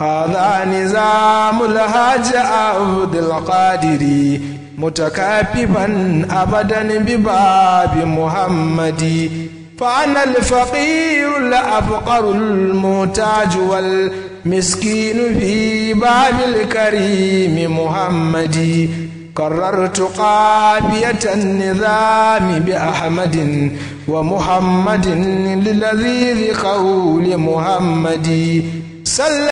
هذا نظام الحاج عبد القادر متكاففا أبدا بباب محمد فأنا الفقير الأفقر المتاج والمسكين في باب الكريم محمد قررت قافية النظام بأحمد ومحمد للذيذ قول محمد Salud.